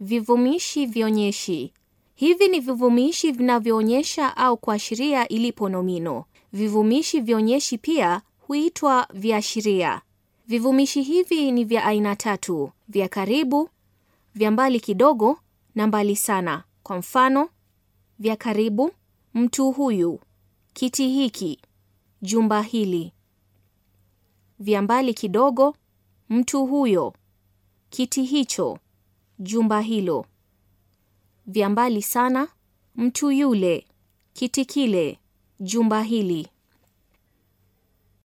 Vivumishi vionyeshi. Hivi ni vivumishi vinavyoonyesha au kuashiria ilipo nomino. Vivumishi vionyeshi pia huitwa viashiria. Vivumishi hivi ni vya aina tatu: vya karibu, vya mbali kidogo na mbali sana. Kwa mfano, vya karibu: mtu huyu, kiti hiki, jumba hili. Vya mbali kidogo: mtu huyo, kiti hicho jumba hilo. Vya mbali sana, mtu yule, kiti kile, jumba hili.